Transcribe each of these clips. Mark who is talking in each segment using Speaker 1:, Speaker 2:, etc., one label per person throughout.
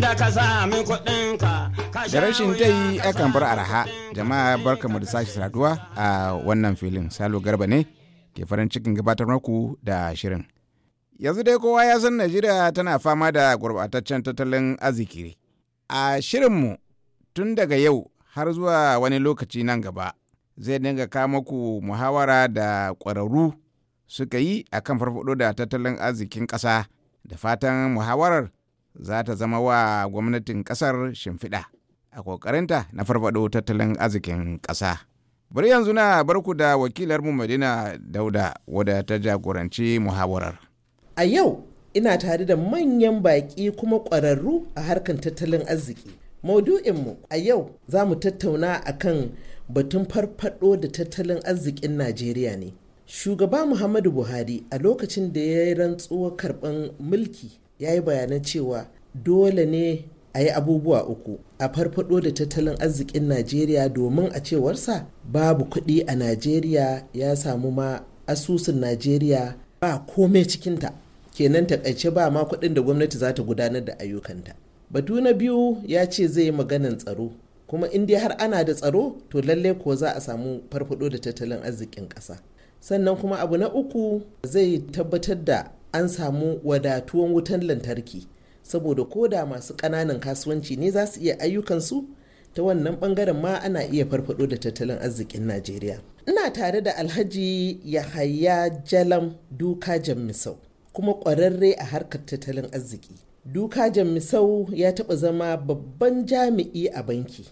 Speaker 1: da rashin ta yi akan bar araha jama'a barkamu da sashi saduwa a wannan filin salo garba ne ke farin cikin gabatar maku da shirin yanzu dai kowa ya san najeriya tana fama da gurbataccen tattalin arziki a shirinmu tun daga yau har zuwa wani lokaci nan gaba zai dinga kawo maku muhawara da ƙwararru suka yi a kan farfado da tattalin arzikin ƙasa da fatan muhawarar za ta zama wa gwamnatin ƙasar shimfiɗa a ƙoƙarinta na farfaɗo tattalin arzikin ƙasa. Bari yanzu na barku da wakilar mu Madina Dauda wadda ta jagoranci muhawarar.
Speaker 2: A yau ina tare da manyan baƙi kuma ƙwararru a harkar tattalin arziki. Maudu'inmu a yau za mu tattauna a kan batun farfaɗo da tattalin arzikin Najeriya ne. Shugaba Muhammadu Buhari a lokacin da ya yi rantsuwar karɓar mulki ya yi bayanan cewa dole ne a yi abubuwa uku a farfado da tattalin arzikin najeriya domin a cewarsa babu kuɗi a najeriya ya samu ma asusun najeriya ba komai cikinta kenan ta takaice ba ma kuɗin da gwamnati za ta gudanar da ayyukanta batu na biyu ya ce zai yi maganan tsaro kuma in dai har ana da tsaro to lallai ko za a samu farfado da tattalin arzikin ƙasa sannan kuma abu na uku zai tabbatar da an samu wadatuwan wutan lantarki saboda ko da masu ƙananan kasuwanci ne za su iya ayyukansu ta wannan ɓangaren ma ana iya farfado da tattalin arzikin najeriya ina tare da alhaji yahaya jalam duka jammisau kuma ƙwararre a harkar tattalin arziki duka jammisau ya taɓa zama babban jami'i a banki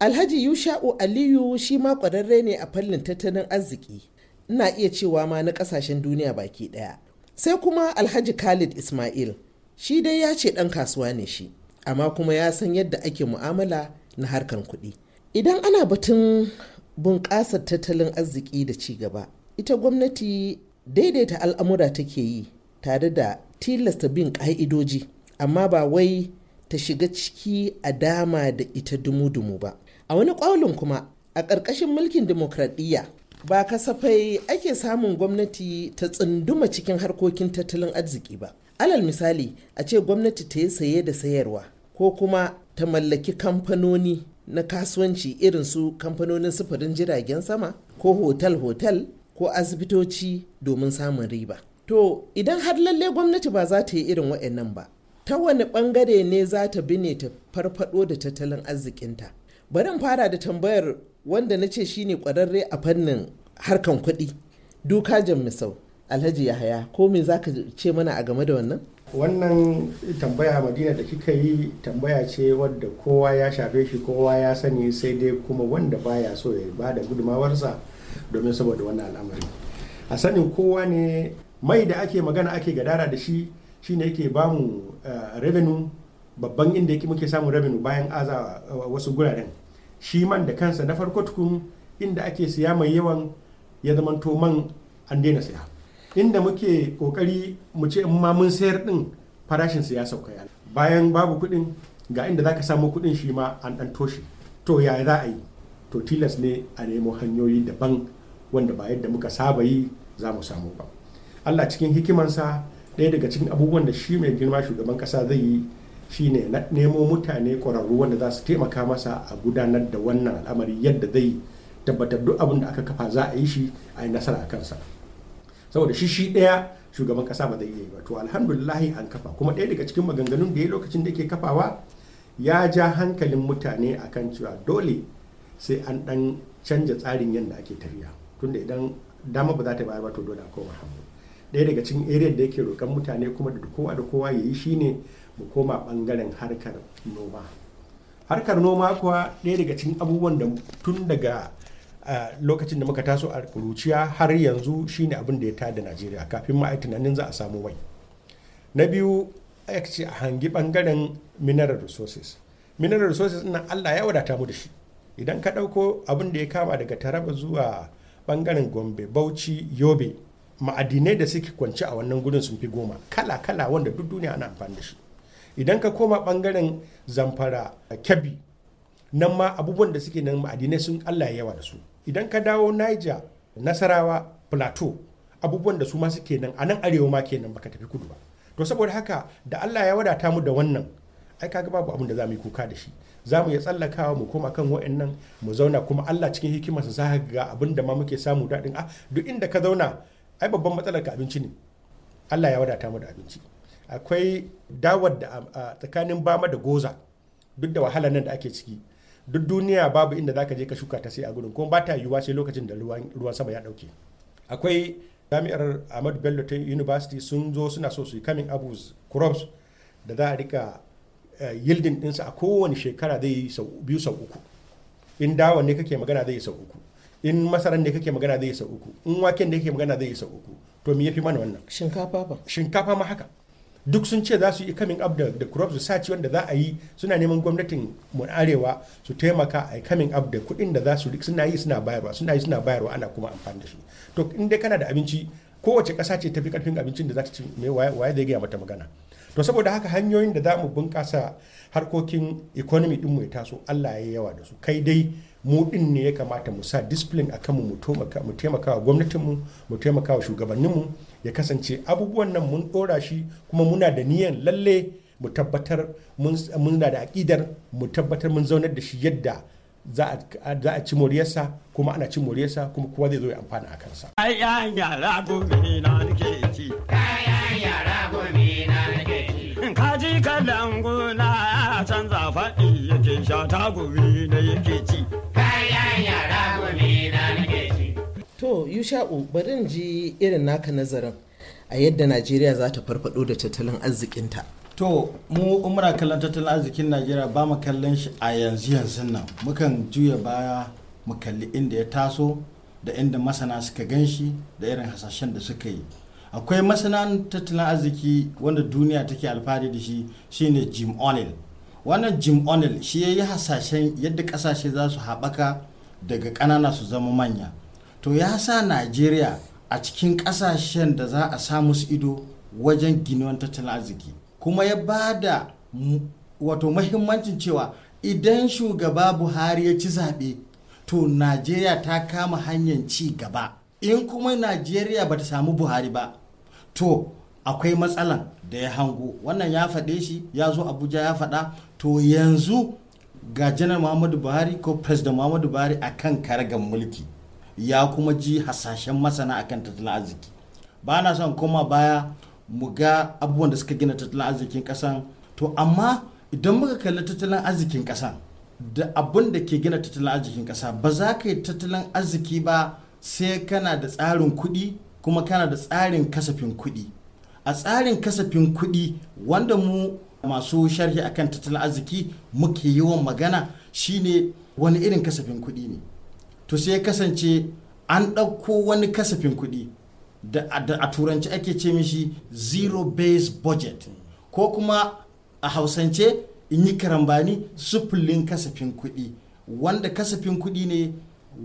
Speaker 2: alhaji yusha'u aliyu shi ma ƙwararre ne a fannin tattalin arziki ina iya cewa ma na ƙasashen duniya baki ɗaya sai kuma alhaji khalid ismail shi dai ya ce ɗan kasuwa ne shi amma kuma ya san yadda ake mu'amala na harkar kuɗi idan ana batun bunƙasar tattalin arziki da ci gaba ita gwamnati daidaita al'amura take yi tare da tilasta bin ƙa'idoji amma ba wai ta shiga ciki a dama da ita dumu-dumu ba a wani ƙwaulin kuma a ƙarƙashin mulkin dimokuraɗiyya ba kasafai ake samun gwamnati ta tsunduma cikin harkokin tattalin arziki ba alal misali a ce gwamnati ta yi saye da sayarwa ko kuma ta mallaki kamfanoni na kasuwanci irin su kamfanonin sufurin jiragen sama ko hotel-hotel ko asibitoci domin samun riba to idan har lalle gwamnati ba za ta yi irin waɗannan ba ta wani ɓangare ne za ta bi ne ta farfado da tattalin arzikinta bari fara da tambayar wanda na ce shine kwararre a fannin harkan kuɗi jan misau alhaji yahaya ko me za ka ce mana a game da wannan
Speaker 3: wannan tambaya madina da kika yi tambaya ce wadda kowa ya shafe shi kowa ya sani sai dai kuma wanda baya so ya ba da gudumawarsa domin saboda wannan al'amari a sanin kowa ne mai da ake magana ake gadara da shi shine yake bamu eh, revenue babban inda yake muke samun revenue bayan aza eh, wasu guraren shi man da kansa na farko tukun inda ake siya mai yawan ya zamanto man an daina siya inda muke kokari mu ce in ma mun sayar din farashin ya sauka yana bayan babu kuɗin ga inda zaka samu kuɗin shi ma an ɗan toshe to ya za a yi to tilas ne a nemo hanyoyi daban wanda ba yadda muka saba yi za mu samu ba Allah cikin hikimansa ɗaya daga cikin abubuwan da shi mai girma shugaban ƙasa zai yi shine na nemo mutane ƙwararru wanda za su taimaka masa a gudanar da wannan al'amari yadda zai tabbatar duk abin da aka kafa za a yi shi a yi nasara a kansa saboda shi shi ɗaya shugaban ƙasa ba zai iya yi ba to alhamdulillahi an kafa kuma ɗaya daga cikin maganganun da ya lokacin da ke kafawa ya ja hankalin mutane a kan cewa dole sai an ɗan canja tsarin yadda ake tafiya tunda idan dama ba za ta bayar ba to dole a koma hannu ɗaya daga cikin area da yake roƙon mutane kuma da kowa da kowa ya yi shine mu koma ɓangaren harkar noma harkar noma kuwa ɗaya daga cikin abubuwan da tun daga lokacin da muka taso a kuruciya har yanzu shine abin da ya tada najeriya kafin ma tunanin za a samu mai na biyu a ce a hangi ɓangaren mineral resources mineral resources na allah ya wadata mu da shi idan ka ɗauko abin da ya kama daga taraba zuwa ɓangaren gombe bauchi yobe ma'adinai da suke kwanci a wannan gudun sun fi goma kala kala wanda duk duniya ana amfani da shi idan ka koma bangaren zamfara kebbi nan ma abubuwan da suke nan ma'adinai sun allah yawa da su idan ka dawo niger nasarawa plateau abubuwan da su ma suke nan a nan arewa ma kenan baka tafi kudu ba to saboda haka da allah ya wadata mu da wannan ai kaga babu abin da za mu yi kuka da shi za mu iya tsallakawa mu koma kan wa'annan mu zauna kuma allah cikin hikimarsa za ga abin da ma muke samu daɗin a ah, duk inda ka zauna ai babban matsalar ka abinci ne Allah ya wadata mu da abinci akwai dawar da tsakanin bama da goza duk da wahalar nan da ake ciki duk duniya babu inda zaka je ka shuka ta sai a gurin kuma ba ta yiwuwa sai lokacin da ruwan sama ya dauke akwai jami'ar Ahmadu Bello ta University sun zo suna so su yi coming up crops da za a rika yildin dinsa a kowane shekara zai yi biyu sau uku in dawa ne kake magana zai yi sau uku in masaran da kake magana zai isa uku in waken da kake magana zai isa uku to me yafi mana wannan shinkafa ba shinkafa ma haka duk sun ce za su yi coming up da su saci wanda za a yi suna neman gwamnatin mu arewa su taimaka a coming up da kuɗin da za su suna yi suna bayarwa suna yi suna bayarwa ana kuma amfani da shi to in dai kana da abinci kowace ƙasa ce tafi karfin abincin da za ta ci me waye zai gaya mata magana to saboda haka hanyoyin da za mu bunƙasa harkokin economy din mu ya taso Allah ya yi yawa da su kai dai mu din ne ya kamata mu sa discipline akan mu mu taimaka wa gwamnatinmu mu taimaka wa shugabanninmu ya kasance abubuwan nan mun dora shi kuma muna da niyan lalle mu tabbatar mun da aƙidar mu tabbatar mun zaunar da shi yadda za a ci moriyarsa kuma ana ci moriyarsa kuma kowa zai zo ya amfana a kansa.
Speaker 4: Ai ya na ci
Speaker 2: yusha'u bari in ji irin naka nazarin a yadda najeriya za ta farfado da tattalin arzikinta to mu umra kallon tattalin arzikin najeriya ba mu
Speaker 4: kallon shi a yanzu yanzu nan mukan juya baya mu kalli inda ya taso da inda masana suka ganshi da irin hasashen da suka yi akwai masana tattalin arziki wanda duniya take alfahari da shi shine jim o'neill wannan jim o'neill shi ya yi hasashen yadda kasashe za su haɓaka daga ƙanana su zama manya to ya sa najeriya a cikin ƙasashen da za a sa musu ido wajen ginuwan tattalin arziki kuma ya ba da wato mahimmancin cewa idan shugaba buhari ya ci zaɓe to najeriya ta kama hanyar ci gaba in kuma najeriya ba ta samu buhari ba to akwai matsalan da ya hango wannan ya faɗe shi ya zo abuja ya faɗa to yanzu ga janar muhammadu buhari ko president muhammadu buhari a kan karagan mulki ya kuma ji hasashen masana akan tattalin arziki ba na son koma baya mu ga abubuwan da suka gina tattalin arzikin kasan to amma idan muka kalli tattalin arzikin kasan da abun da ke gina tattalin arzikin kasa ba za ka yi tattalin arziki ba sai kana da tsarin kuɗi kuma kana da tsarin kasafin kuɗi a tsarin kasafin kuɗi wanda mu masu sharhi akan tattalin arziki muke yawan magana shine wani irin kasafin kuɗi ne to sai ya kasance an ɗauko wani kasafin kuɗi da a turanci ake ce mishi zero base budget ko kuma a hausance in yi karambani sufulin kasafin kuɗi wanda kasafin kuɗi ne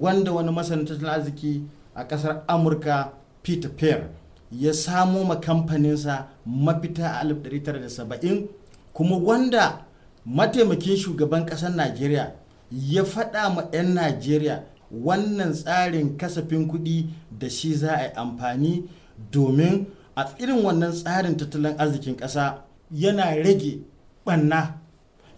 Speaker 4: wanda wani masanin tattalin arziki a ƙasar amurka peter pear ya samo ma kamfaninsa mafita a 1970 kuma wanda mataimakin shugaban ƙasar najeriya ya faɗa ma 'yan najeriya wannan tsarin kasafin kuɗi da shi za a yi amfani domin a irin wannan tsarin tattalin arzikin ƙasa yana rage ɓanna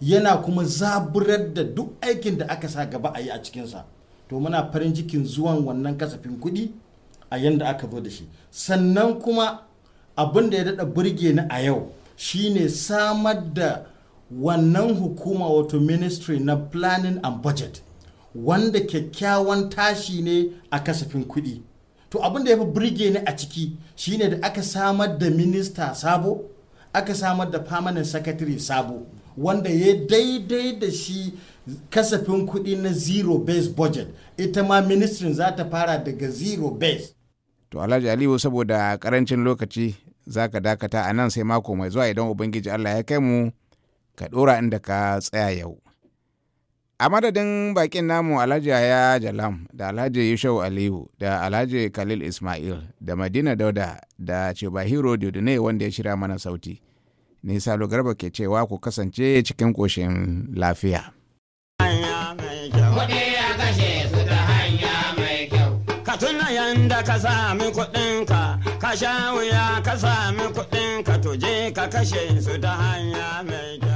Speaker 4: yana kuma zaburar da duk aikin da aka sa gaba a yi a cikinsa to muna farin cikin zuwan wannan kasafin kuɗi a yadda aka zo da shi sannan kuma abin da ya daɗa burge ni a yau shine samar da wannan hukuma wato ministry na planning and budget wanda kyakkyawan tashi ne a kasafin kuɗi to abin da ya fi birge ni a ciki shine da aka samar da minista sabo aka samar da permanent secretary sabo wanda ya daidai da shi kasafin kuɗi na zero base budget ita ma ministrin za ta fara daga zero base
Speaker 1: to alhaji aliyu saboda karancin lokaci za ka dakata a nan sai mako mai zuwa idan ubangiji allah ya kai mu ka ɗora inda ka tsaya yau a madadin bakin namu alhaji ya jalam da alhaji yushau aliyu da alhaji khalil ismail da madina dauda da cebahiro ne wanda ya shirya mana sauti ni salo garba ke cewa ku kasance cikin koshin lafiya ka tuna yanda ka sami kuɗinka ka sha wuya ka sami
Speaker 4: kuɗinka to je ka kashe su ta hanya mai kyau